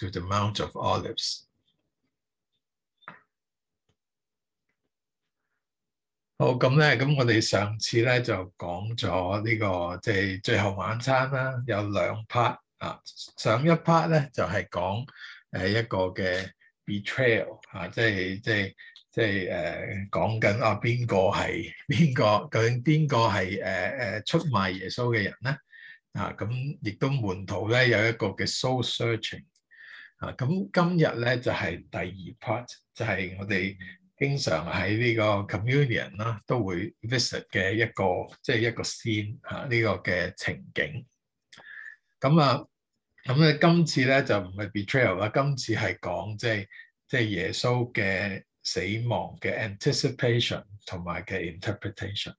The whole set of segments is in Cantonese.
to the Mount of Olives。好，咁咧，咁我哋上次咧就講咗呢個即係最後晚餐啦。有兩 part 啊，上一 part 咧就係講誒一個嘅 betrayal 啊，即係即係即係誒講緊啊邊個係邊個，究竟邊個係誒誒出賣耶穌嘅人咧？啊咁，亦都門徒咧有一個嘅 soul searching。啊，咁今日咧就係第二 part，就係我哋經常喺呢個 communion 啦，都會 visit 嘅一個即係一個 scene 嚇呢個嘅情景。咁啊，咁咧今次咧就唔係 betrayal 啦，今次係講即係即係耶穌嘅死亡嘅 anticipation 同埋嘅 interpretation。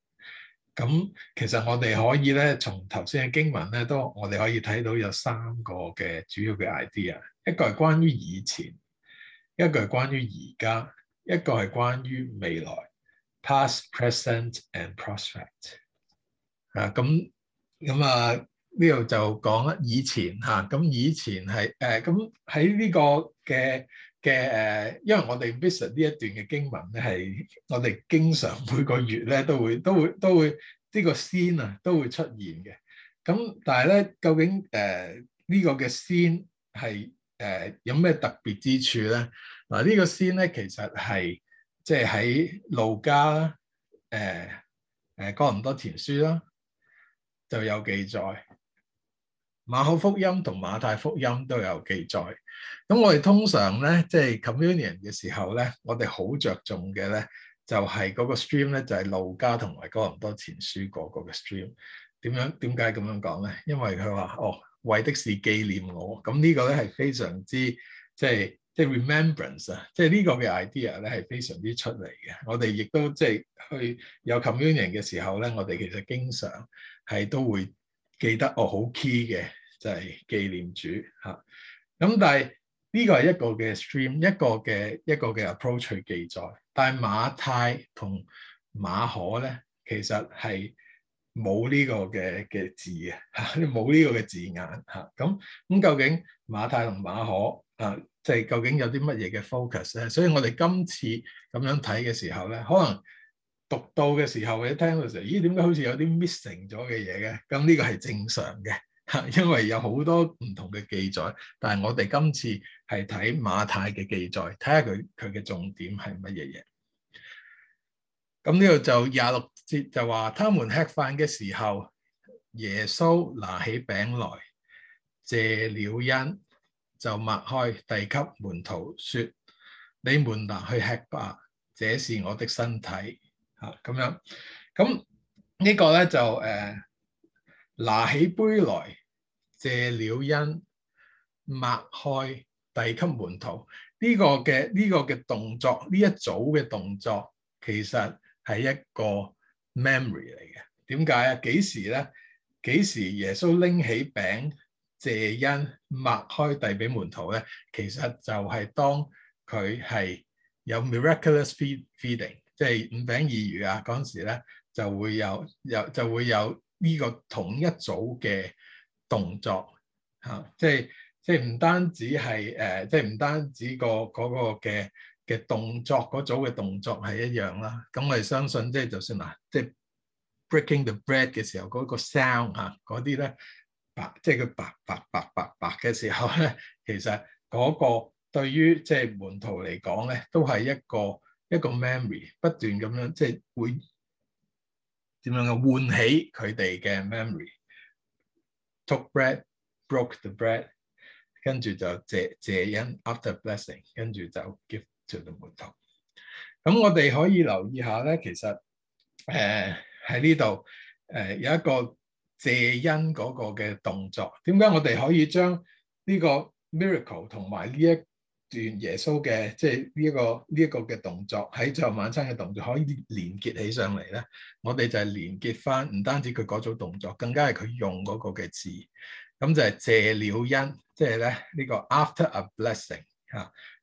咁其實我哋可以咧，從頭先嘅經文咧，都我哋可以睇到有三個嘅主要嘅 idea。一個係關於以前，一個係關於而家，一個係關於未來、mm hmm. （past, present and prospect）、啊。啊，咁咁啊，呢度就講以前嚇。咁、啊、以前係誒，咁喺呢個嘅嘅誒，因為我哋 visit 呢一段嘅經文咧，係我哋經常每個月咧都會都會都會呢、這個 scene 啊都會出現嘅。咁但係咧，究竟誒呢、啊這個嘅 scene 係？誒、呃、有咩特別之處咧？嗱、啊，呢、這個先咧，其實係即係喺路加誒誒哥林多前書啦，就有記載。馬可福音同馬太福音都有記載。咁我哋通常咧，即、就、係、是、communion 嘅時候咧，我哋好着重嘅咧，就係、是、嗰個 stream 咧，就係、是、路加同埋哥林多前書嗰個,個 stream。點樣？點解咁樣講咧？因為佢話哦。為的是紀念我，咁呢個咧係非常之即係即係 remembrance 啊，即係呢個嘅 idea 咧係非常之出嚟嘅。我哋亦都即係、就是、去有 communion 嘅時候咧，我哋其實經常係都會記得我，哦好 key 嘅就係、是、紀念主嚇。咁但係呢個係一個嘅 stream，一個嘅一個嘅 approach 去記載。但係馬太同馬可咧，其實係。冇呢個嘅嘅字嘅嚇，冇呢個嘅字眼嚇。咁咁究竟馬太同馬可啊，即係究竟有啲乜嘢嘅 focus 咧？所以我哋今次咁樣睇嘅時候咧，可能讀到嘅時候或者聽到時候，咦？點解好似有啲 missing 咗嘅嘢嘅？咁呢個係正常嘅嚇，因為有好多唔同嘅記載，但係我哋今次係睇馬太嘅記載，睇下佢佢嘅重點係乜嘢嘢。咁呢度就廿六節就話，他們吃飯嘅時候，耶穌拿起餅來，謝了恩就擘開，遞給門徒說：，你們拿去吃吧，這是我的身體。吓、啊、咁樣，咁、嗯這個、呢個咧就誒、呃，拿起杯來，謝了恩擘開，遞給門徒呢、這個嘅呢、這個嘅動作，呢一組嘅動作，其實。係一個 memory 嚟嘅，點解啊？幾時咧？幾時耶穌拎起餅謝恩擘開遞俾門徒咧？其實就係當佢係有 miraculous feeding，即係五餅二魚啊嗰陣時咧，就會有有就會有呢個同一組嘅動作嚇、啊，即係即係唔單止係誒、呃，即係唔單止、個嗰、個嘅。嘅動作嗰組嘅動作係一樣啦。咁我哋相信即係就算嗱，即係 breaking the bread 嘅時候嗰個聲嚇嗰啲咧白即係佢白白白白白嘅時候咧，其實嗰個對於即係門徒嚟講咧都係一個一個 memory 不斷咁樣即係會點樣嘅喚起佢哋嘅 memory。took bread, broke the bread，跟住就謝謝恩 after blessing，跟住就 give。做到冇錯，咁我哋可以留意下咧，其實誒喺呢度誒有一個借恩嗰個嘅動作，點解我哋可以將呢個 Miracle 同埋呢一段耶穌嘅即係呢一個呢一個嘅動作喺最後晚餐嘅動作可以連結起上嚟？咧我哋就係連結翻，唔單止佢嗰組動作，更加係佢用嗰個嘅字，咁就係借了恩，即係咧呢個 after a blessing 吓、啊。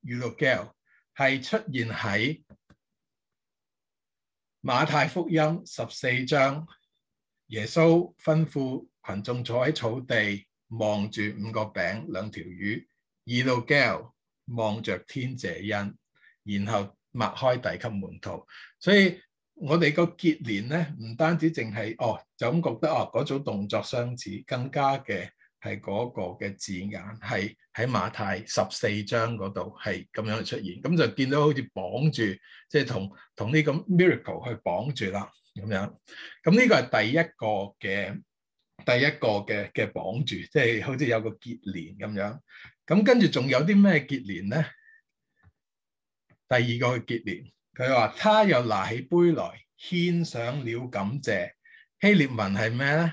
e 二到九係出現喺馬太福音十四章，耶穌吩咐群眾坐喺草地，望住五個餅兩條魚，二到九望着天謝恩，然後擘開遞給門徒。所以我哋個結連咧，唔單止淨係哦，就咁覺得哦，嗰組動作相似，更加嘅。係嗰個嘅字眼，係喺馬太十四章嗰度係咁樣出現，咁就見到好似綁住，即係同同呢個 miracle 去綁住啦咁樣。咁呢個係第一個嘅，第一個嘅嘅綁住，即係好似有個結連咁樣。咁跟住仲有啲咩結連咧？第二個結連，佢話他又拿起杯來，獻上了感謝。希臘文係咩咧？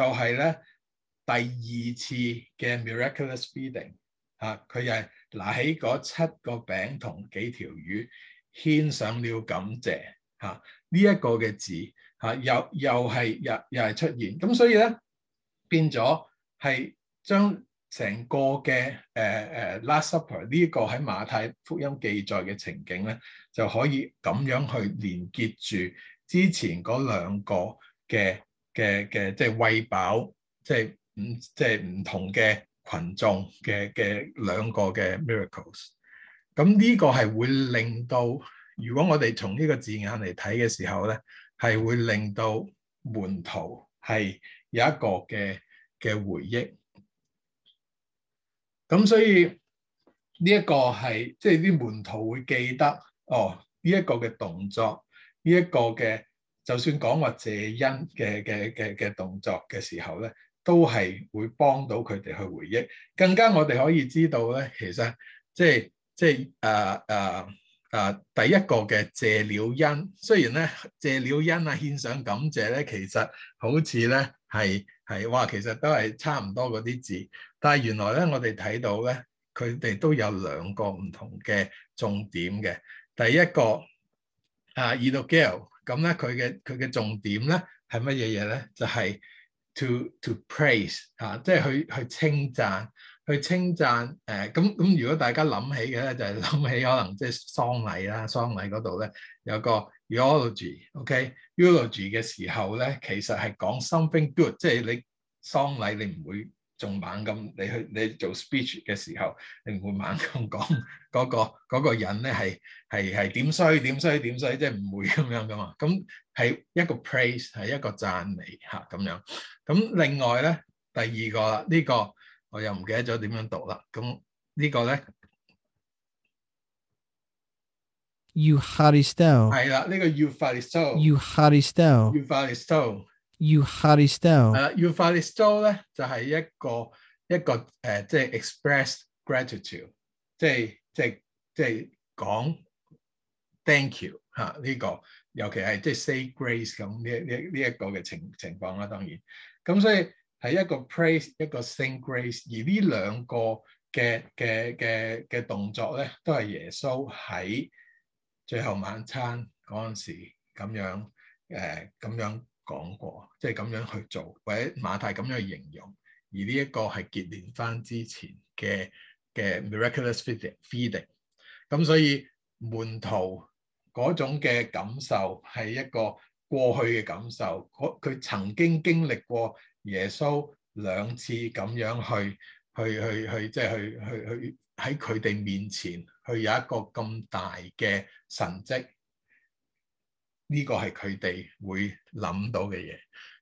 就係咧第二次嘅 miraculous feeding，嚇佢又係嗱起嗰七個餅同幾條魚牽上了感謝，嚇、啊、呢一個嘅字嚇、啊、又又係又又係出現，咁所以咧變咗係將成個嘅誒誒 Last Supper 呢一個喺馬太福音記載嘅情景咧，就可以咁樣去連結住之前嗰兩個嘅。嘅嘅即係餵飽，即係唔即係唔同嘅群眾嘅嘅兩個嘅 miracles。咁呢個係會令到，如果我哋從呢個字眼嚟睇嘅時候咧，係會令到門徒係有一個嘅嘅回憶。咁所以呢一個係即係啲門徒會記得哦，呢一個嘅動作，呢一個嘅。就算講話謝恩嘅嘅嘅嘅動作嘅時候咧，都係會幫到佢哋去回憶。更加我哋可以知道咧，其實即係即係誒誒誒，第一個嘅謝了恩，雖然咧謝了恩啊，獻上感謝咧，其實好似咧係係話其實都係差唔多嗰啲字，但係原來咧我哋睇到咧，佢哋都有兩個唔同嘅重點嘅。第一個啊 e d u a r 咁咧，佢嘅佢嘅重點咧係乜嘢嘢咧？就係、是、to to praise 嚇、啊，即係去去稱讚，去稱讚。誒、呃，咁咁，如果大家諗起嘅咧，就係、是、諗起可能即係喪禮啦，喪禮嗰度咧有個 eulogy，okay? eulogy 嘅時候咧，其實係講 something good，即係你喪禮你唔會。仲猛咁，你去你做 speech 嘅時候，你唔會猛咁講嗰個嗰個人咧，係係係點衰點衰點衰，即係唔會咁樣噶嘛。咁係一個 praise，係一個讚美嚇咁樣。咁另外咧，第二個啦，呢個我又唔記得咗點樣讀啦。咁呢個咧，Upharisto，係啦，呢個 Upharisto，Upharisto，Upharisto。You haristow，誒、uh，you haristow 咧就係、是、一個一個誒、呃，即係 express gratitude，即係即係即係講 thank you 嚇呢、這個，尤其係即係 say grace 咁呢一呢呢一個嘅情情況啦，當然。咁、嗯、所以係一個 praise，一個 sing grace 而呢兩個嘅嘅嘅嘅動作咧，都係耶穌喺最後晚餐嗰陣時咁樣誒，咁樣。呃講過即係咁樣去做，或者馬太咁樣去形容，而呢一個係結連返之前嘅嘅 miraculous feeding，咁所以門徒嗰種嘅感受係一個過去嘅感受，佢曾經經歷過耶穌兩次咁樣去去去去，即係去去去喺佢哋面前去有一個咁大嘅神跡。呢個係佢哋會諗到嘅嘢，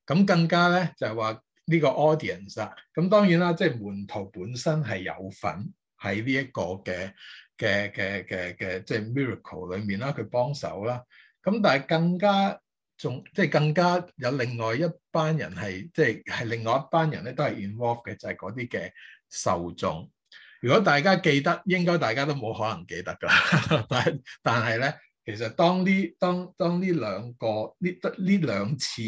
咁更加咧就係話呢個 audience 啦。咁當然啦，即係門徒本身係有份喺呢一個嘅嘅嘅嘅嘅即係 miracle 裏面啦，佢幫手啦。咁但係更加仲，即係更加有另外一班人係即係係另外一班人咧，都係 involve 嘅，就係嗰啲嘅受眾。如果大家記得，應該大家都冇可能記得㗎。 但但係咧。其實當呢當當呢兩個呢得呢兩次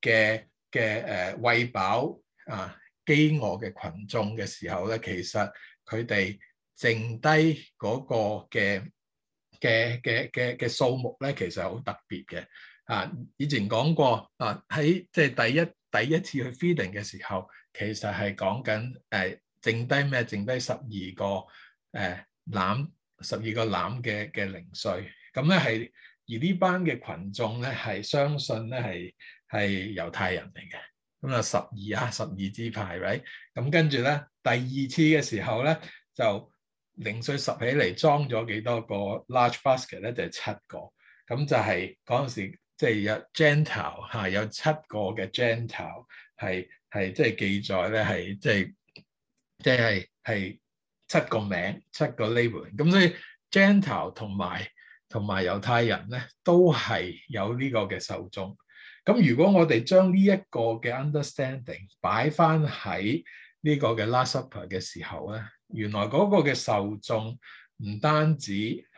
嘅嘅誒餵飽啊飢餓嘅群眾嘅時候咧，其實佢哋剩低嗰個嘅嘅嘅嘅嘅數目咧，其實係好特別嘅啊。以前講過啊，喺即係第一第一次去 feeding 嘅時候，其實係講緊誒剩低咩？剩低十二個誒籃，十二個籃嘅嘅零碎。咁咧係而呢班嘅群眾咧係相信咧係係猶太人嚟嘅，咁啊十二啊十二支派位，咁、right? 跟住咧第二次嘅時候咧就零碎拾起嚟裝咗幾多個 large basket 咧就係、是、七個，咁就係嗰陣時即係、就是、有 Gentile 嚇有七個嘅 Gentile 係係即係記載咧係即係即係係七個名七個 label，咁所以 Gentile 同埋。同埋猶太人咧，都係有呢個嘅受眾。咁如果我哋將呢一個嘅 understanding 擺翻喺呢個嘅 Last Supper 嘅時候咧，原來嗰個嘅受眾唔單止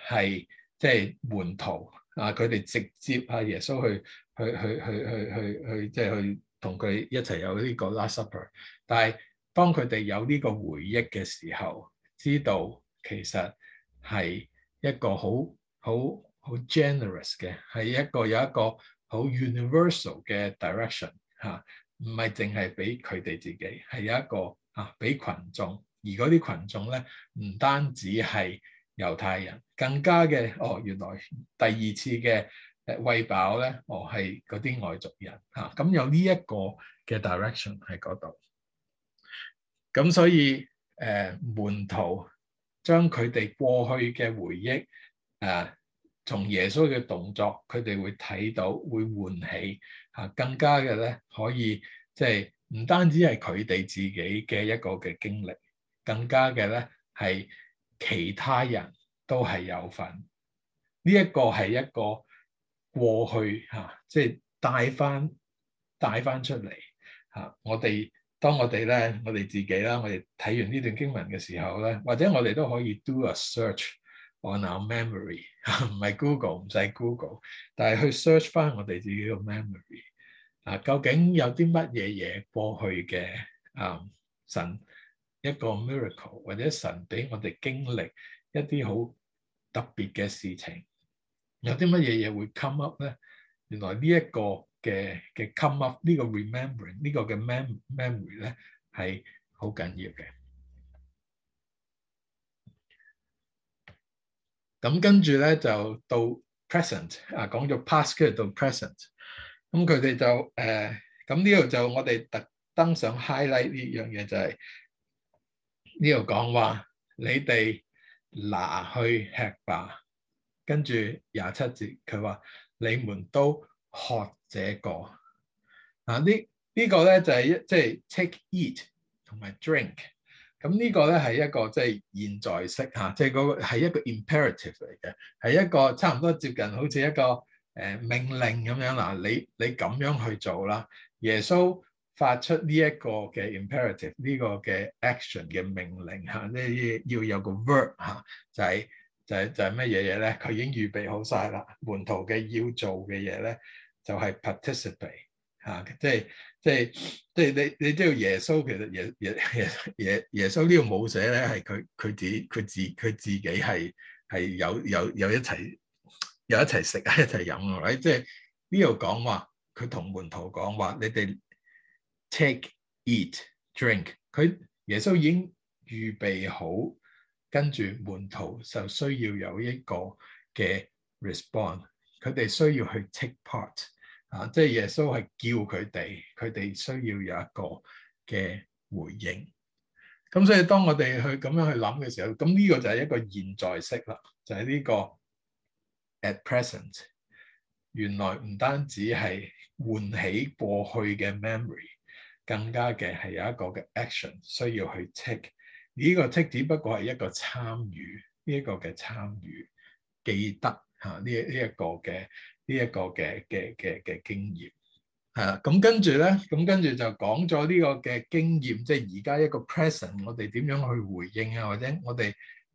係即係門徒啊，佢哋直接係、啊、耶穌去去去去去去去即係去同佢一齊有呢個 Last Supper。但係當佢哋有呢個回憶嘅時候，知道其實係一個好好好 generous 嘅，係一個有一個好 universal 嘅 direction 嚇、啊，唔係淨係俾佢哋自己，係有一個嚇俾群眾，而嗰啲群眾咧唔單止係猶太人，更加嘅哦，原來第二次嘅誒餵飽咧，我係嗰啲外族人嚇，咁、啊、有呢一個嘅 direction 喺嗰度，咁所以誒、呃、門徒將佢哋過去嘅回憶。誒，從、啊、耶穌嘅動作，佢哋會睇到，會喚起吓、啊，更加嘅咧，可以即係唔單止係佢哋自己嘅一個嘅經歷，更加嘅咧係其他人都係有份。呢、這、一個係一個過去吓，即係帶翻帶翻出嚟吓、啊。我哋當我哋咧，我哋自己啦，我哋睇完呢段經文嘅時候咧，或者我哋都可以 do a search。我諗 memory 唔係 Google，唔使 Google，但係去 search 翻我哋自己個 memory 啊，究竟有啲乜嘢嘢過去嘅啊神一個 miracle 或者神俾我哋經歷一啲好特別嘅事情，有啲乜嘢嘢會 come up 咧？原來呢一個嘅嘅 come up 呢個 remembering 呢個嘅 mem memory 咧係好緊要嘅。咁跟住咧就到 present 啊，講咗 past 跟住到 present，咁、嗯、佢哋就誒，咁呢度就我哋特登上 highlight 呢樣嘢就係呢度講話你哋拿去吃吧，跟住廿七節佢話你們都喝，啊、這，這個，嗱呢呢個咧就係即係 take eat 同埋 drink。咁呢個咧係一個即係現在式嚇，即係嗰個係一個 imperative 嚟嘅，係一個差唔多接近好似一個誒、呃、命令咁樣嗱，你你咁樣去做啦。耶穌發出呢一個嘅 imperative，呢個嘅 action 嘅命令嚇，呢要有個 verb 嚇，就係、是、就係就係咩嘢嘢咧？佢已經預備好晒啦，門徒嘅要做嘅嘢咧就係、是、participate 嚇、啊，即係。即係即係你你知道耶穌其實耶耶耶耶耶穌個呢度，冇寫咧係佢佢自佢自佢自己係係有有有一齊有一齊食一齊飲啊！即係呢度講話佢同門徒講話，你哋 take eat drink，佢耶穌已經預備好，跟住門徒就需要有一個嘅 response，佢哋需要去 take part。啊！即係耶穌係叫佢哋，佢哋需要有一個嘅回應。咁所以當我哋去咁樣去諗嘅時候，咁呢個就係一個現在式啦，就係呢個 at present。原來唔單止係喚起過去嘅 memory，更加嘅係有一個嘅 action 需要去 take。呢個 take 只不過係一個參與呢一個嘅參與，記得吓呢一呢一個嘅。這個啊、呢一個嘅嘅嘅嘅經驗，嚇咁跟住咧，咁跟住就講咗呢個嘅經驗，即係而家一個 present，我哋點樣去回應啊，或者我哋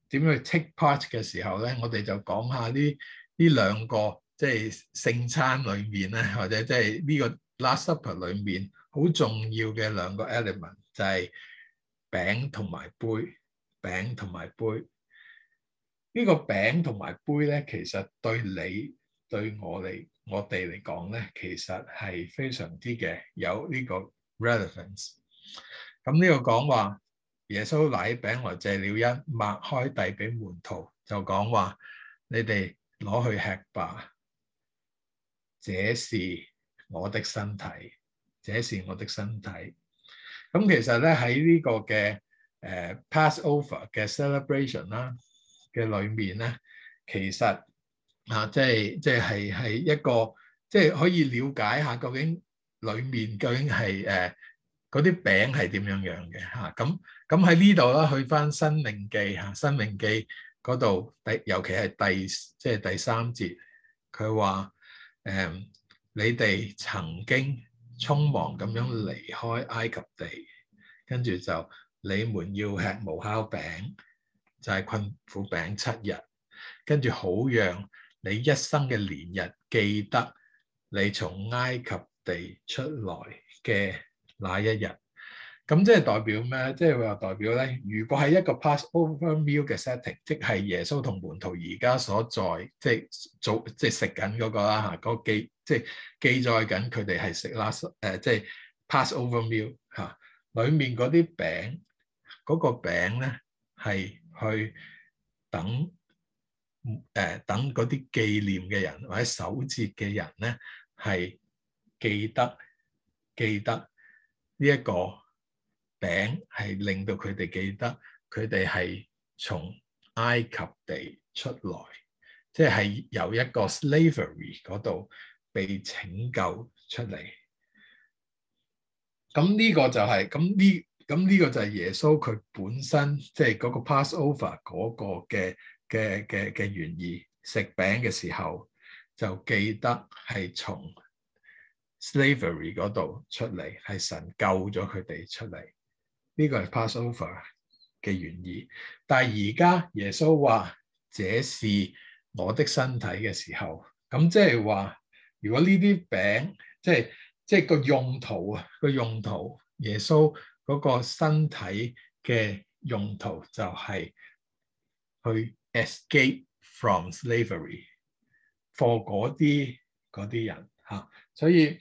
點樣去 take part 嘅時候咧，我哋就講下呢呢兩個，即係聖餐裡面咧，或者即係呢個 last supper 裡面好重要嘅兩個 element，就係餅同埋杯，餅同埋杯。呢個餅同埋杯咧，其實對你。對我哋，我哋嚟講咧，其實係非常之嘅有呢個 relevance。咁、嗯、呢、呢個講話，耶穌攋餅來謝了恩，擘開遞俾門徒，就講話：你哋攞去吃吧。這是我的身體，這是我的身體。咁其實咧，喺呢個嘅誒 Passover 嘅 celebration 啦嘅裏面咧，其實。啊，即係即係係一個，即係可以了解下究竟裏面究竟係誒嗰啲餅係點樣樣嘅吓，咁咁喺呢度啦，去翻、啊《申命記》吓，《申命記》嗰度第，尤其係第即係第三節，佢話誒你哋曾經匆忙咁樣離開埃及地，跟住就你們要吃無酵餅，就係、是、困苦餅七日，跟住好讓。你一生嘅年日記得你從埃及地出來嘅那一日，咁即係代表咩？即係話代表咧，如果係一個 Passover meal 嘅 setting，即係耶穌同門徒而家所在，即係做即係食緊嗰個啦嚇，個記即係記載緊佢哋係食啦，誒即係 Passover meal 嚇，裡面嗰啲餅嗰個餅咧係去等。誒、呃、等嗰啲紀念嘅人或者守節嘅人咧，係記得記得呢一個餅係令到佢哋記得佢哋係從埃及地出來，即係由一個 slavery 嗰度被拯救出嚟。咁呢個就係，咁呢咁呢個就係耶穌佢本身即係嗰個 Passover 嗰個嘅。嘅嘅嘅原意，食餅嘅時候就記得係從 slavery 嗰度出嚟，係神救咗佢哋出嚟。呢個係 Passover 嘅原意。但係而家耶穌話這是我的身體嘅時候，咁即係話如果呢啲餅即係即係個用途啊，個用途耶穌嗰個身體嘅用途就係去。escape from slavery，for 嗰啲嗰啲人吓、啊，所以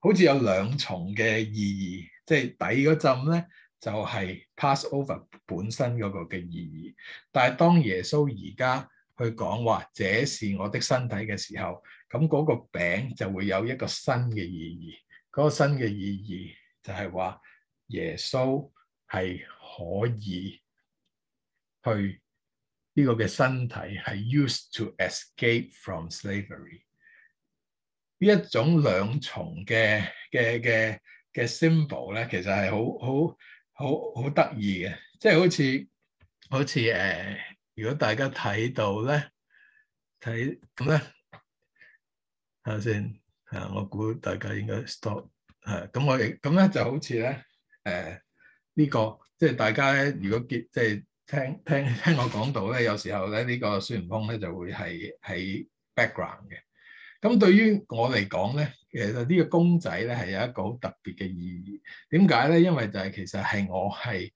好似有兩重嘅意義，即係抵嗰陣咧就係、是、pass over 本身嗰個嘅意義，但係當耶穌而家去講話這是我的身體嘅時候，咁嗰個餅就會有一個新嘅意義，嗰、嗰個新嘅意義就係話耶穌係可以去。呢個嘅身體係 used to escape from slavery，呢一種兩重嘅嘅嘅嘅 symbol 咧，其實係好好好好得意嘅，即係好似好似誒、呃，如果大家睇到咧，睇咁咧，睇下先？啊，我估大家應該 stop 啊，咁我哋咁咧就好似咧誒呢個，即係大家咧，如果結即係。聽聽聽我講到咧，有時候咧呢、這個孫悟空咧就會係喺 background 嘅。咁對於我嚟講咧，其實個呢個公仔咧係有一個好特別嘅意義。點解咧？因為就係其實係我係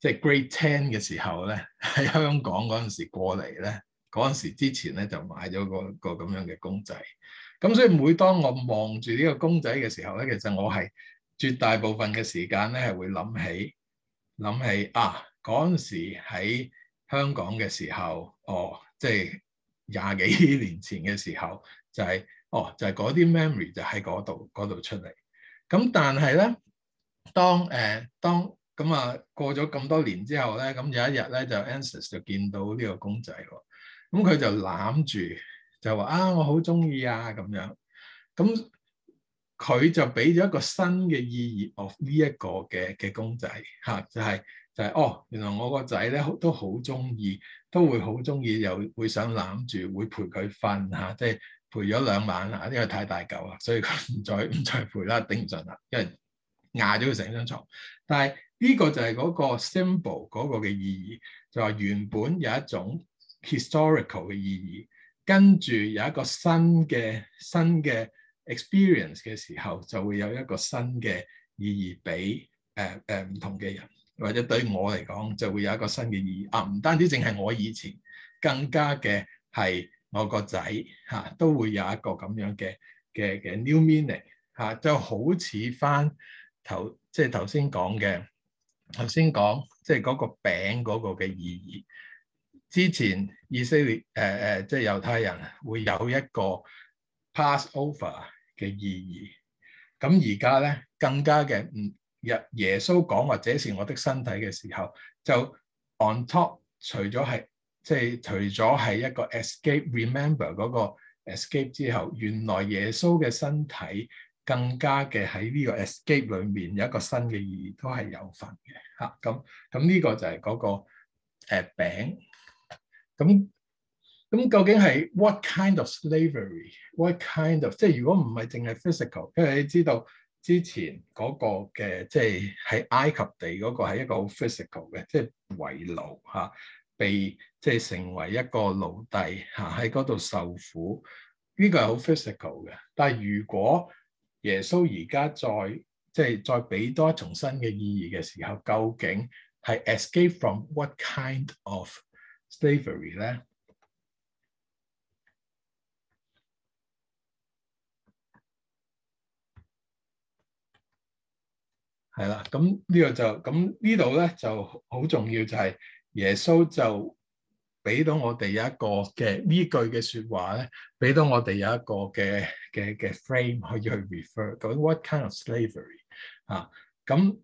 即係 grade ten 嘅時候咧，喺香港嗰陣時過嚟咧，嗰陣時之前咧就買咗個個咁樣嘅公仔。咁所以每當我望住呢個公仔嘅時候咧，其實我係絕大部分嘅時間咧係會諗起諗起啊。嗰陣時喺香港嘅時候，哦，即係廿幾年前嘅時候，就係、是、哦，就係嗰啲 memory 就喺嗰度度出嚟。咁但係咧，當誒、呃、當咁啊、嗯、過咗咁多年之後咧，咁有一日咧就 Ansys 就見到呢個公仔喎，咁佢就攬住就話啊，我好中意啊咁樣。咁佢就俾咗一個新嘅意義，of 呢一個嘅嘅公仔嚇，就係、是。就係哦，原來我個仔咧都好中意，都會好中意，又會想攬住，會陪佢瞓嚇。即係陪咗兩晚嚇，因為太大嚿啦，所以佢唔再唔再陪啦，頂唔順啦，因為壓咗佢成張床。但係呢個就係嗰個 symbol 嗰個嘅意義，就話原本有一種 historical 嘅意義，跟住有一個新嘅新嘅 experience 嘅時候，就會有一個新嘅意義俾誒誒唔同嘅人。或者對我嚟講就會有一個新嘅意義啊！唔單止淨係我以前，更加嘅係我個仔嚇、啊、都會有一個咁樣嘅嘅嘅 new meaning 嚇、啊，就好似翻頭即係頭先講嘅頭先講即係嗰個餅嗰個嘅意義。之前以色列誒誒、呃、即係猶太人會有一個 pass over 嘅意義，咁而家咧更加嘅唔。日耶穌講或者是我的身體嘅時候，就 on top 除咗係即係除咗係一個 escape remember 嗰個 escape 之後，原來耶穌嘅身體更加嘅喺呢個 escape 裡面有一個新嘅意義都係有份嘅嚇。咁咁呢個就係嗰、那個誒餅。咁、呃、咁究竟係 what kind of slavery？what kind of 即係如果唔係淨係 physical，因為你知道。之前嗰個嘅即係喺埃及地嗰個係一個好 physical 嘅，即係為奴嚇，被即係、就是、成為一個奴隸嚇，喺嗰度受苦，呢、這個係好 physical 嘅。但係如果耶穌而家再即係、就是、再俾多一重新嘅意義嘅時候，究竟係 escape from what kind of slavery 咧？係啦，咁呢個就咁呢度咧就好重要，就係耶穌就俾到我哋有一個嘅呢句嘅説話咧，俾到我哋有一個嘅嘅嘅 frame 可以去 refer。究竟，咁 what kind of slavery 啊？咁咁、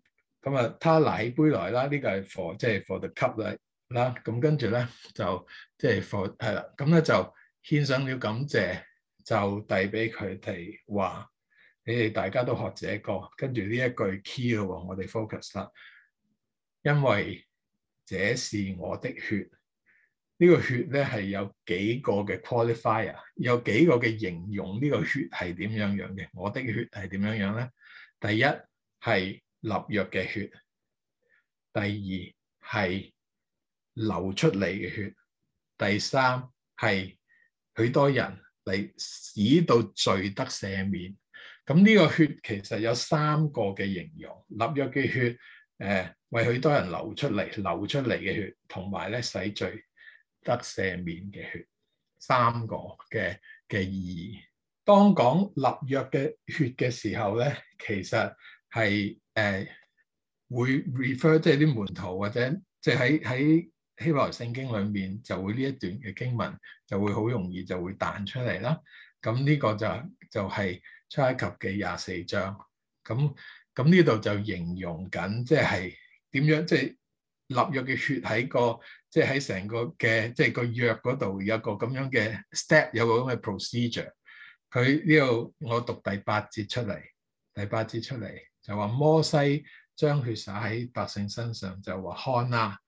這個、啊，他拿起杯來啦，呢個係 for，即係 for the cup 啦啦。咁跟住咧就即係 for 係。啦。咁咧就獻上了感謝，就遞俾佢哋話。你哋大家都學這個，跟住呢一句 key 咯，我哋 focus 啦。因為這是我的血，呢、這個血咧係有幾個嘅 qualifier，有幾個嘅形容呢個血係點樣樣嘅。我的血係點樣樣咧？第一係立約嘅血，第二係流出嚟嘅血，第三係許多人嚟使到罪得赦免。咁呢個血其實有三個嘅形容，立約嘅血，誒、呃、為許多人流出嚟，流出嚟嘅血，同埋咧洗罪得赦免嘅血，三個嘅嘅意義。當講立約嘅血嘅時候咧，其實係誒、呃、會 refer，即係啲門徒或者即係喺喺希伯來聖經裏面就會呢一段嘅經文就會好容易就會彈出嚟啦。咁呢個就就係、是。出埃及記嘅廿四章，咁咁呢度就形容緊，即係點樣，即係立約嘅血喺個，即係喺成個嘅，即係個約嗰度有個咁樣嘅 step，有個咁嘅 procedure。佢呢度我讀第八節出嚟，第八節出嚟就話摩西將血灑喺百姓身上，就話看啦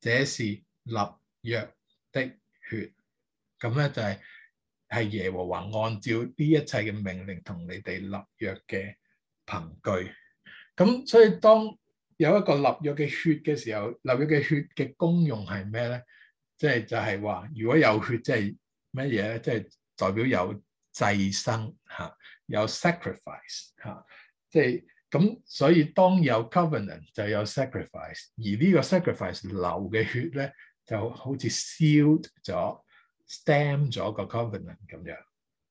，ana, 這是立約的血。咁咧就係、是。係耶和華按照呢一切嘅命令同你哋立約嘅憑據，咁所以當有一個立約嘅血嘅時候，立約嘅血嘅功用係咩咧？即係就係話，如果有血，即係乜嘢咧？即係代表有祭牲吓，有 sacrifice 吓，即係咁。就是、所以當有 covenant 就有 sacrifice，而個呢個 sacrifice 流嘅血咧，就好似消咗。stamp 咗個 covenant 咁樣，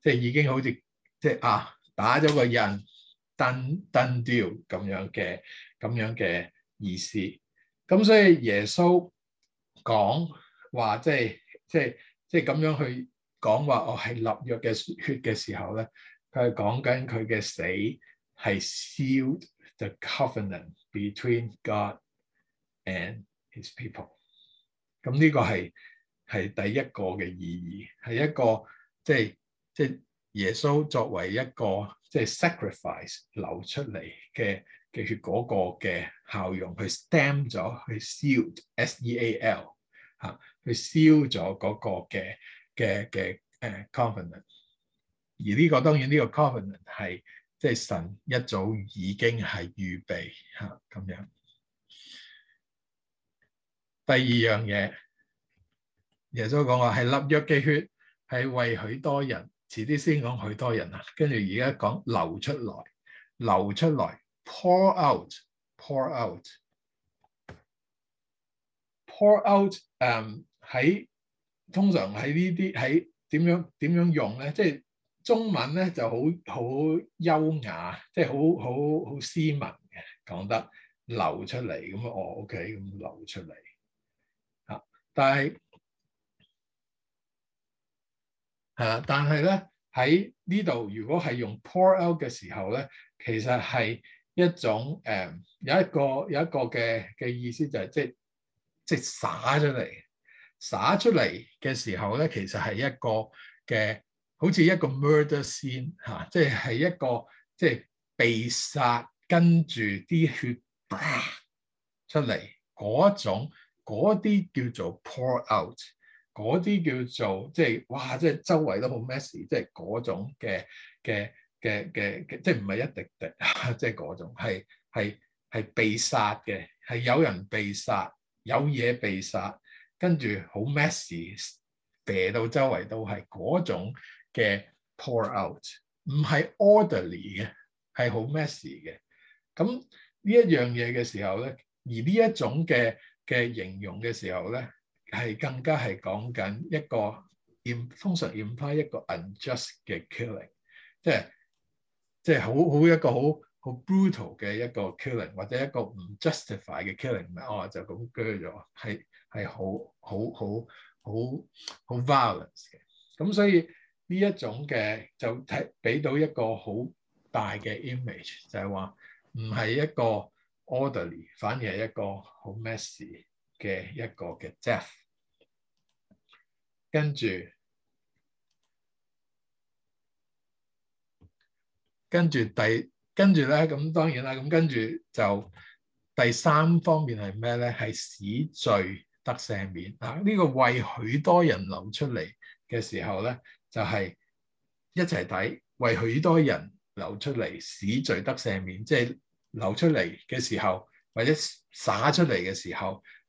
即係已經好似即係啊打咗個人，done done deal 咁樣嘅，咁樣嘅意思。咁、嗯、所以耶穌講話即係即係即係咁樣去講話，我、哦、係立約嘅血嘅時候咧，佢係講緊佢嘅死係 sealed the covenant between God and His people、嗯。咁、這、呢個係。係第一個嘅意義，係一個即係即係耶穌作為一個即係、就是、sacrifice 流出嚟嘅嘅血嗰個嘅效用去，去 stamp 咗、啊、去 seal、seal 嚇去 seal 咗嗰個嘅嘅嘅誒 covenant 而呢，呢個當然呢個 covenant 係即係、就是、神一早已經係預備嚇咁、啊、樣。第二樣嘢。耶穌講話係立約嘅血，係為許多人。遲啲先講許多人啊，跟住而家講流出來，流出來，pour out，pour out，pour out, pour out. Pour out、um。誒喺通常喺呢啲喺點樣點樣用咧？即係中文咧就好好優雅，即係好好好斯文嘅講得流出嚟咁啊。O K，咁流出嚟啊！但係。係啊，但係咧喺呢度，如果係用 pour out 嘅時候咧，其實係一種誒、呃、有一個有一個嘅嘅意思、就係，就係即即灑出嚟，灑出嚟嘅時候咧，其實係一個嘅，好似一個 murder scene 嚇、啊，即係一個即係被殺跟住啲血、呃、出嚟嗰種嗰啲叫做 pour out。嗰啲叫做即係哇，即係周圍都好 messy，即係嗰種嘅嘅嘅嘅，即係唔係一滴滴，即係嗰種係係係被殺嘅，係有人被殺，有嘢被殺，跟住好 messy，射到周圍都係嗰種嘅 pour out，唔係 orderly 嘅，係好 messy 嘅。咁呢一樣嘢嘅時候咧，而呢一種嘅嘅形容嘅時候咧。係更加係講緊一個嚴，通常嚴批一個 unjust 嘅 killing，即係即係好好一個好好 brutal 嘅一個 killing，或者一個唔 justify 嘅 killing，唔係哦就咁鋸咗，係係好好好好好 violence 嘅。咁所以呢一種嘅就睇俾到一個好大嘅 image，就係話唔係一個 orderly，反而係一個好 messy。嘅一個嘅 death，跟住跟住第跟住咧，咁、嗯、當然啦，咁、嗯、跟住就第三方面係咩咧？係使罪得赦免啊！呢、這個為許多人流出嚟嘅時候咧，就係、是、一齊睇為許多人流出嚟使罪得赦免，即係流出嚟嘅時候或者灑出嚟嘅時候。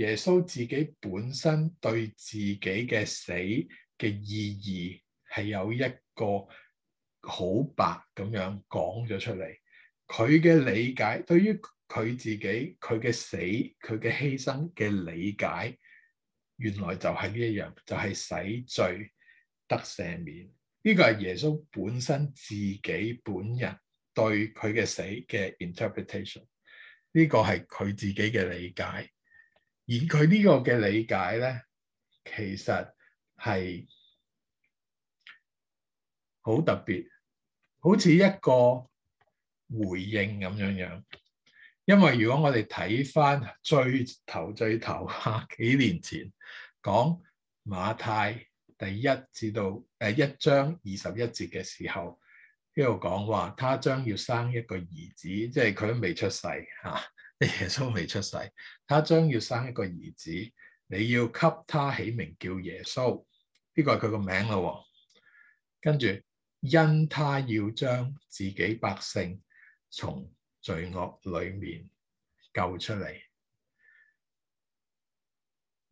耶穌自己本身對自己嘅死嘅意義係有一個好白咁樣講咗出嚟。佢嘅理解，對於佢自己，佢嘅死，佢嘅犧牲嘅理解，原來就係呢一樣，就係、是、使罪得赦免。呢、這個係耶穌本身自己本人對佢嘅死嘅 interpretation。呢個係佢自己嘅理解。而佢呢個嘅理解咧，其實係好特別，好似一個回應咁樣樣。因為如果我哋睇翻追頭追頭下，啊、幾年前講馬太第一至到誒，啊、一章二十一節嘅時候，呢度講話，他將要生一個兒子，即係佢都未出世吓。啊耶穌未出世，他將要生一個兒子，你要給他起名叫耶穌，呢、這個係佢個名咯。跟住，因他要將自己百姓從罪惡裏面救出嚟。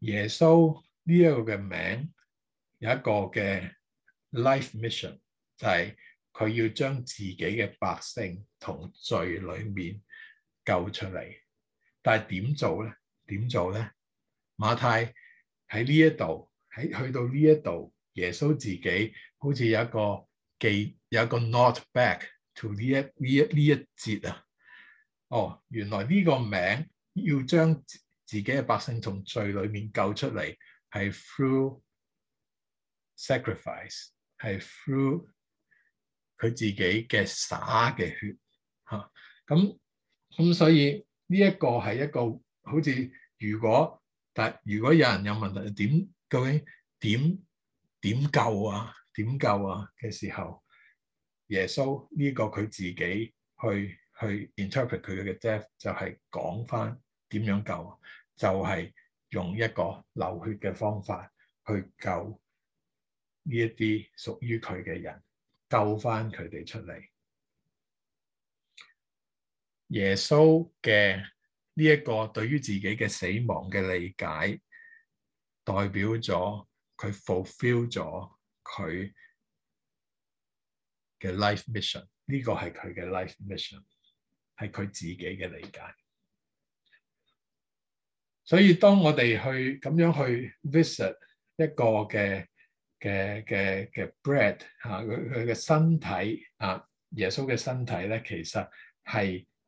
耶穌呢一個嘅名有一個嘅 life mission，就係佢要將自己嘅百姓同罪裏面。救出嚟，但係點做咧？點做咧？馬太喺呢一度，喺去到呢一度，耶穌自己好似有一個記，有一個 not back to 呢一呢一呢一節啊。哦，原來呢個名要將自己嘅百姓從罪裏面救出嚟，係 through sacrifice，係 through 佢自己嘅灑嘅血。吓、啊、咁。咁所以呢一個係一個好似如果但係，如果有人有問題，點究竟點點救啊？點救啊嘅時候，耶穌呢個佢自己去去 interpret 佢嘅 death 就係講翻點樣救，就係用一個流血嘅方法去救呢一啲屬於佢嘅人，救翻佢哋出嚟。耶穌嘅呢一個對於自己嘅死亡嘅理解，代表咗佢 fulfill 咗佢嘅 life mission。呢個係佢嘅 life mission，係佢自己嘅理解。所以當我哋去咁樣去 visit 一個嘅嘅嘅嘅 bread 吓，啊，佢佢嘅身體啊，耶穌嘅身體咧，其實係。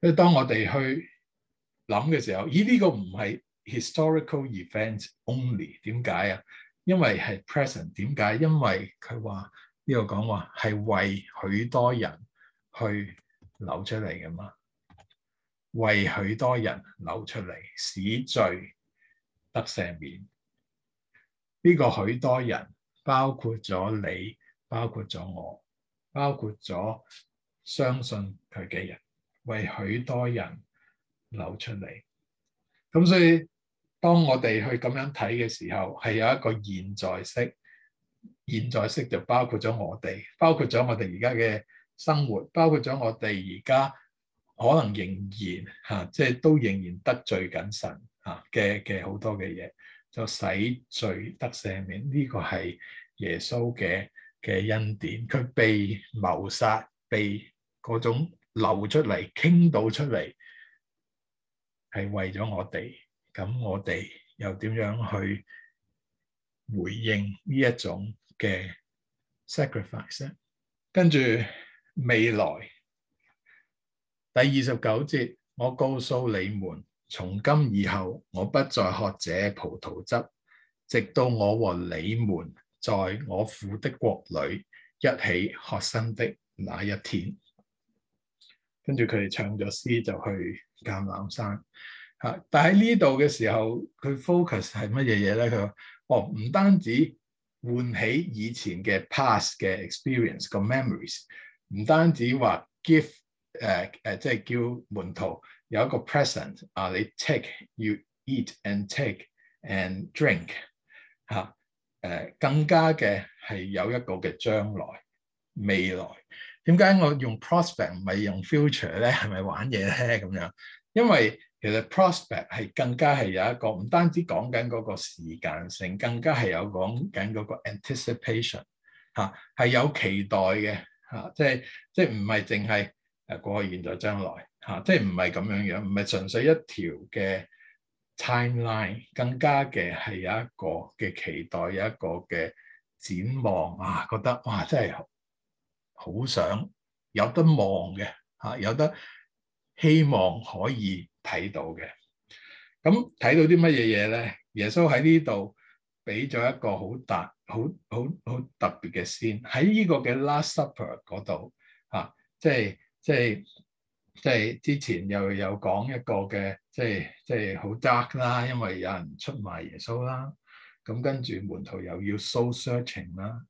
所以當我哋去諗嘅時候，咦呢個唔係 historical events only？點解啊？因為係 present。點解？因為佢話呢個講話係為許多人去流出嚟噶嘛，為許多人流出嚟，使罪得赦免。呢個許多人包括咗你，包括咗我，包括咗相信佢嘅人。為許多人流出嚟，咁所以當我哋去咁樣睇嘅時候，係有一個現在式。現在式就包括咗我哋，包括咗我哋而家嘅生活，包括咗我哋而家可能仍然吓，即、啊、係、就是、都仍然得罪緊神吓嘅嘅好多嘅嘢，就使罪得赦免。呢、這個係耶穌嘅嘅恩典，佢被謀殺，被嗰種。流出嚟，傾倒出嚟，係為咗我哋，咁我哋又點樣去回應呢一種嘅 sacrifice？跟住，未來第二十九節，我告訴你們，從今以後，我不再喝這葡萄汁，直到我和你們在我父的國裏一起喝新的那一天。跟住佢哋唱咗詩就去橄欖山嚇、啊，但喺呢度嘅時候，佢 focus 係乜嘢嘢咧？佢話：哦，唔單止喚起以前嘅 past 嘅 experience 個 memories，唔單止話 give 誒誒，即係叫門徒有一個 present 啊、uh,，你 take 要 eat and take and drink 嚇、啊、誒，更加嘅係有一個嘅將來未來。點解我用 prospect 唔係用 future 咧？係咪玩嘢咧咁樣？因為其實 prospect 係更加係有一個，唔單止講緊嗰個時間性，更加係有講緊嗰個 anticipation，嚇、啊、係有期待嘅，嚇即係即係唔係淨係誒過去現在將來，嚇即係唔係咁樣樣，唔係純粹一條嘅 timeline，更加嘅係有一個嘅期待，有一個嘅展望啊，覺得哇真係～好想有得望嘅嚇，有得希望可以睇到嘅。咁、啊、睇到啲乜嘢嘢咧？耶穌喺呢度俾咗一個好大好好好特別嘅先喺呢個嘅 Last Supper 嗰度嚇、啊，即係即係即係之前又有講一個嘅即係即係好 dark 啦，因為有人出賣耶穌啦。咁、啊、跟住門徒又要 soul searching 啦、啊。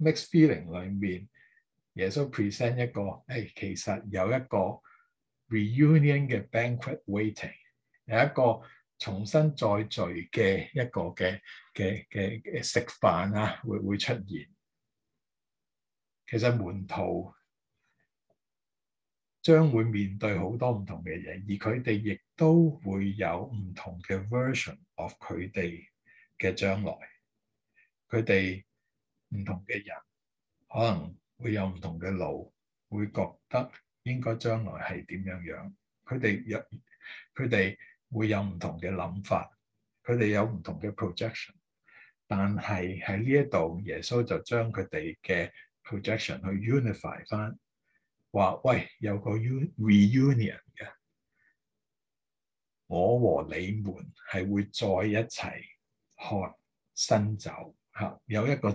mix feeling 裏面，耶穌 present 一個，誒，其實有一個 reunion 嘅 banquet waiting，有一個重新再聚嘅一個嘅嘅嘅食飯啊，會會出現。其實門徒將會面對好多唔同嘅嘢，而佢哋亦都會有唔同嘅 version of 佢哋嘅將來，佢哋。唔同嘅人可能會有唔同嘅路，會覺得應該將來係點樣樣。佢哋有佢哋會有唔同嘅諗法，佢哋有唔同嘅 projection。但係喺呢一度，耶穌就將佢哋嘅 projection 去 unify 翻，話：喂，有個 reunion 嘅，我和你們係會再一齊喝新酒。嚇，有一個。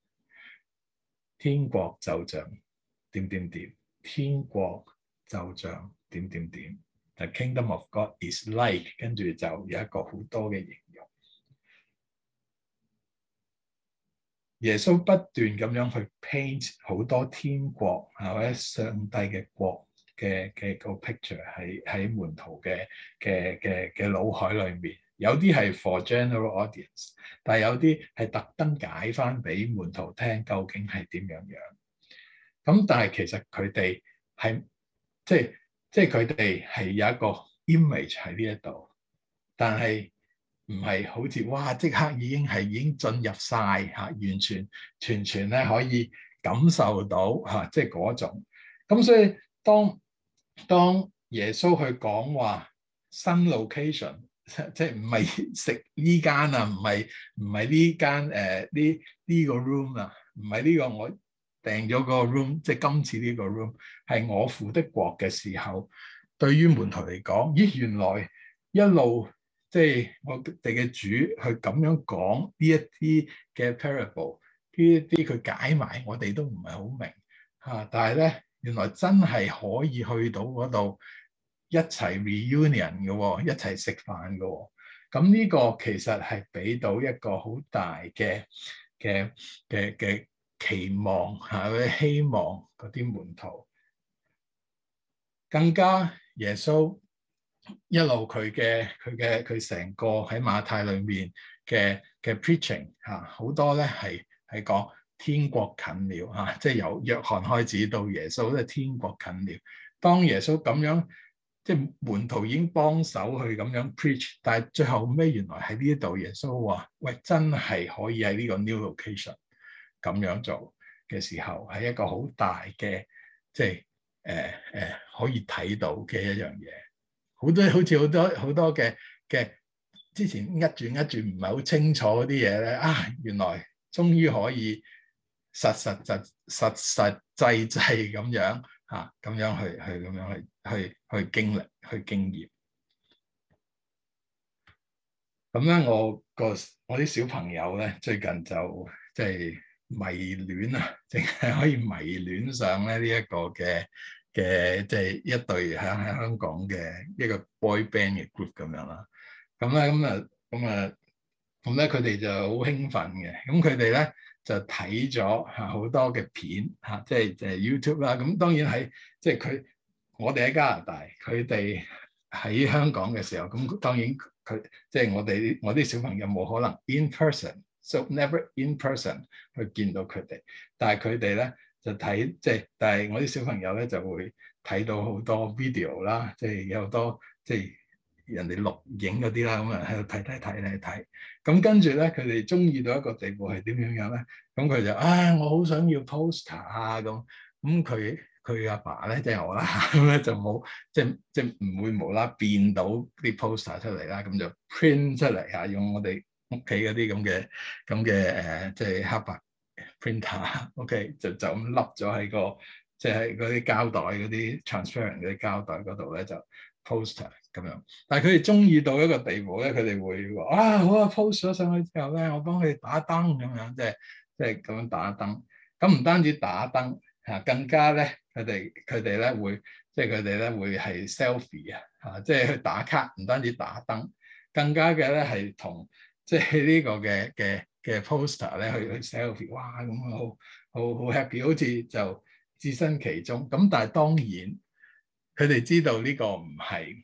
天國就像點點點，天國就像點點點。The kingdom of God is like，跟住就有一個好多嘅形容。耶穌不斷咁樣去 paint 好多天國啊，或者上帝嘅國嘅嘅個 picture 喺喺門徒嘅嘅嘅嘅腦海裏面。有啲係 for general audience，但係有啲係特登解翻俾門徒聽究竟係點樣樣。咁但係其實佢哋係即係即係佢哋係有一個 image 喺呢一度，但係唔係好似，哇，即刻已經係已經進入晒，嚇，完全完全咧可以感受到嚇，即係嗰種。咁所以當當耶穌去講話新 location。即係唔係食呢間啊？唔係唔係呢間誒？呢呢個 room 啊？唔係呢個我訂咗個 room，即係今次呢個 room 係我父的國嘅時候，對於門徒嚟講，咦？原來一路即係我哋嘅主去咁樣講呢一啲嘅 parable，呢一啲佢解埋，我哋都唔係好明吓。但係咧，原來真係可以去到嗰度。一齊 reunion 嘅、哦，一齊食飯嘅，咁、嗯、呢、這個其實係俾到一個好大嘅嘅嘅嘅期望吓，或、啊、者希望嗰啲門徒更加耶穌一路佢嘅佢嘅佢成個喺馬太裏面嘅嘅 preaching 吓，好、啊、多咧係係講天國近了吓、啊，即係由約翰開始到耶穌都係天國近了。當耶穌咁樣。即係門徒已經幫手去咁樣 preach，但係最後尾原來喺呢一度耶穌話：喂，真係可以喺呢個 new location 咁樣做嘅時候，係一個好大嘅，即係誒誒，可以睇到嘅一樣嘢。好多好似好多好多嘅嘅，之前呃住、呃住唔係好清楚嗰啲嘢咧，啊，原來終於可以實實實實實際際咁樣。嚇，咁、啊、樣去去咁樣去去去經歷去經驗。咁咧我個我啲小朋友咧最近就即係、就是、迷戀啊，淨係可以迷戀上咧呢一個嘅嘅即係一隊喺喺香港嘅一個 boy band 嘅 group 咁樣啦，咁咧咁啊咁啊～咁咧，佢哋就好興奮嘅。咁佢哋咧就睇咗嚇好多嘅片嚇、啊，即係誒 YouTube 啦。咁、啊、當然係即係佢，我哋喺加拿大，佢哋喺香港嘅時候，咁、啊、當然佢即係我哋我啲小朋友冇可能 in person，so never in person 去見到佢哋。但係佢哋咧就睇，即係但係我啲小朋友咧就會睇到好多 video 啦，即係有好多即係人哋錄影嗰啲啦，咁啊喺度睇睇睇睇睇。咁跟住咧，佢哋中意到一個地步係點樣樣咧？咁佢就唉、哎，我好想要 poster 啊！咁咁佢佢阿爸咧即係我啦，咁 咧就冇即即唔會無啦變到啲 poster 出嚟啦。咁就 print 出嚟啊，用我哋屋企嗰啲咁嘅咁嘅誒，即係、就是、黑白 printer。OK，就就咁笠咗喺個即係嗰啲膠袋嗰啲 transparent 嘅膠袋嗰度咧，就 poster。咁樣，但係佢哋中意到一個地步咧，佢哋會啊，好啊，post 咗上去之後咧，我幫佢打燈咁樣，即係即係咁樣打燈。咁唔單止打燈嚇，更加咧佢哋佢哋咧會，即係佢哋咧會係 selfie 啊嚇，即係去打卡。唔單止打燈，更加嘅咧係同即係呢個嘅嘅嘅 poster 咧去去 selfie，哇咁好好好 happy，好似就置身其中。咁但係當然，佢哋知道呢個唔係。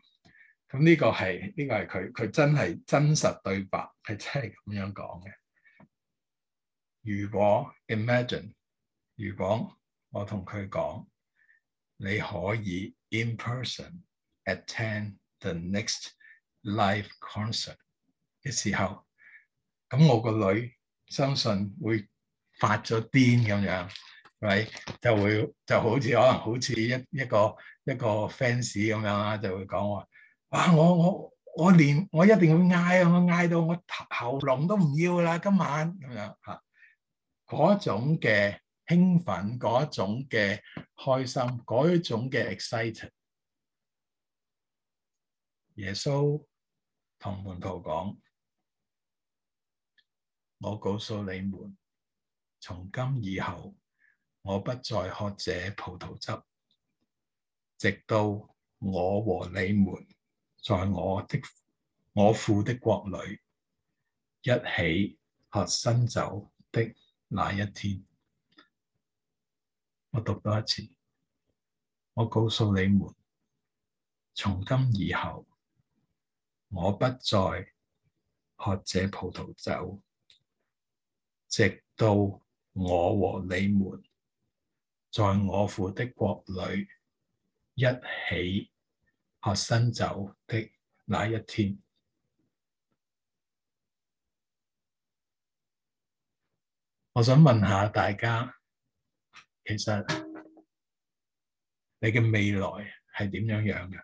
咁呢個係呢個係佢，佢真係真實對白，係真係咁樣講嘅。如果 imagine，如果我同佢講，你可以 in person attend the next live concert 嘅時候，咁我個女相信會發咗癲咁樣，係、right? 咪就會就好似可能好似一一個一個 fans 咁樣啦，就會講話。哇！我我我連我一定會嗌啊！我嗌到我喉喉嚨都唔要啦！今晚咁樣吓，嗰種嘅興奮，嗰種嘅開心，嗰種嘅 excited。耶穌同門徒講：我告訴你們，從今以後，我不再喝這葡萄汁，直到我和你們。在我的我父的國裏，一起喝新酒的那一天，我讀多一次。我告訴你們，從今以後，我不再喝這葡萄酒，直到我和你們在我父的國裏一起。學生走的那一天，我想問下大家，其實你嘅未來係點樣樣嘅？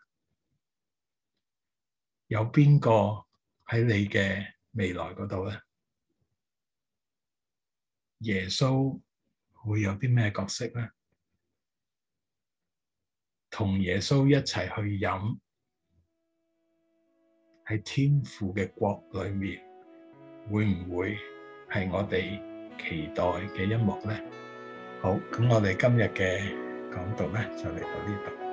有邊個喺你嘅未來嗰度呢？耶穌會有啲咩角色呢？同耶穌一齊去飲，喺天父嘅國裏面，會唔會係我哋期待嘅一幕呢？好，咁我哋今日嘅講道呢，就嚟到呢度。